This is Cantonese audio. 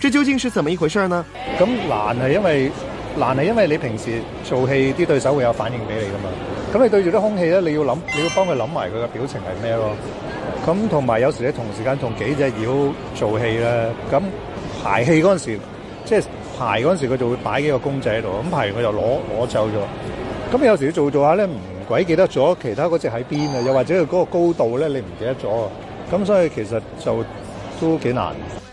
這究竟是怎麼一回事呢？咁難係因為難係因為你平時做戲啲對手會有反應俾你噶嘛，咁你對住啲空氣咧，你要諗，你要幫佢諗埋佢嘅表情係咩咯。咁同埋有時你同時間同幾隻妖做戲咧，咁排戲嗰陣時，即係排嗰陣時佢就會擺幾個公仔喺度，咁排完佢就攞攞走咗。咁有時要做做下咧，唔鬼記得咗其他嗰隻喺邊啊，又或者佢嗰個高度咧，你唔記得咗啊，咁所以其實就都幾難。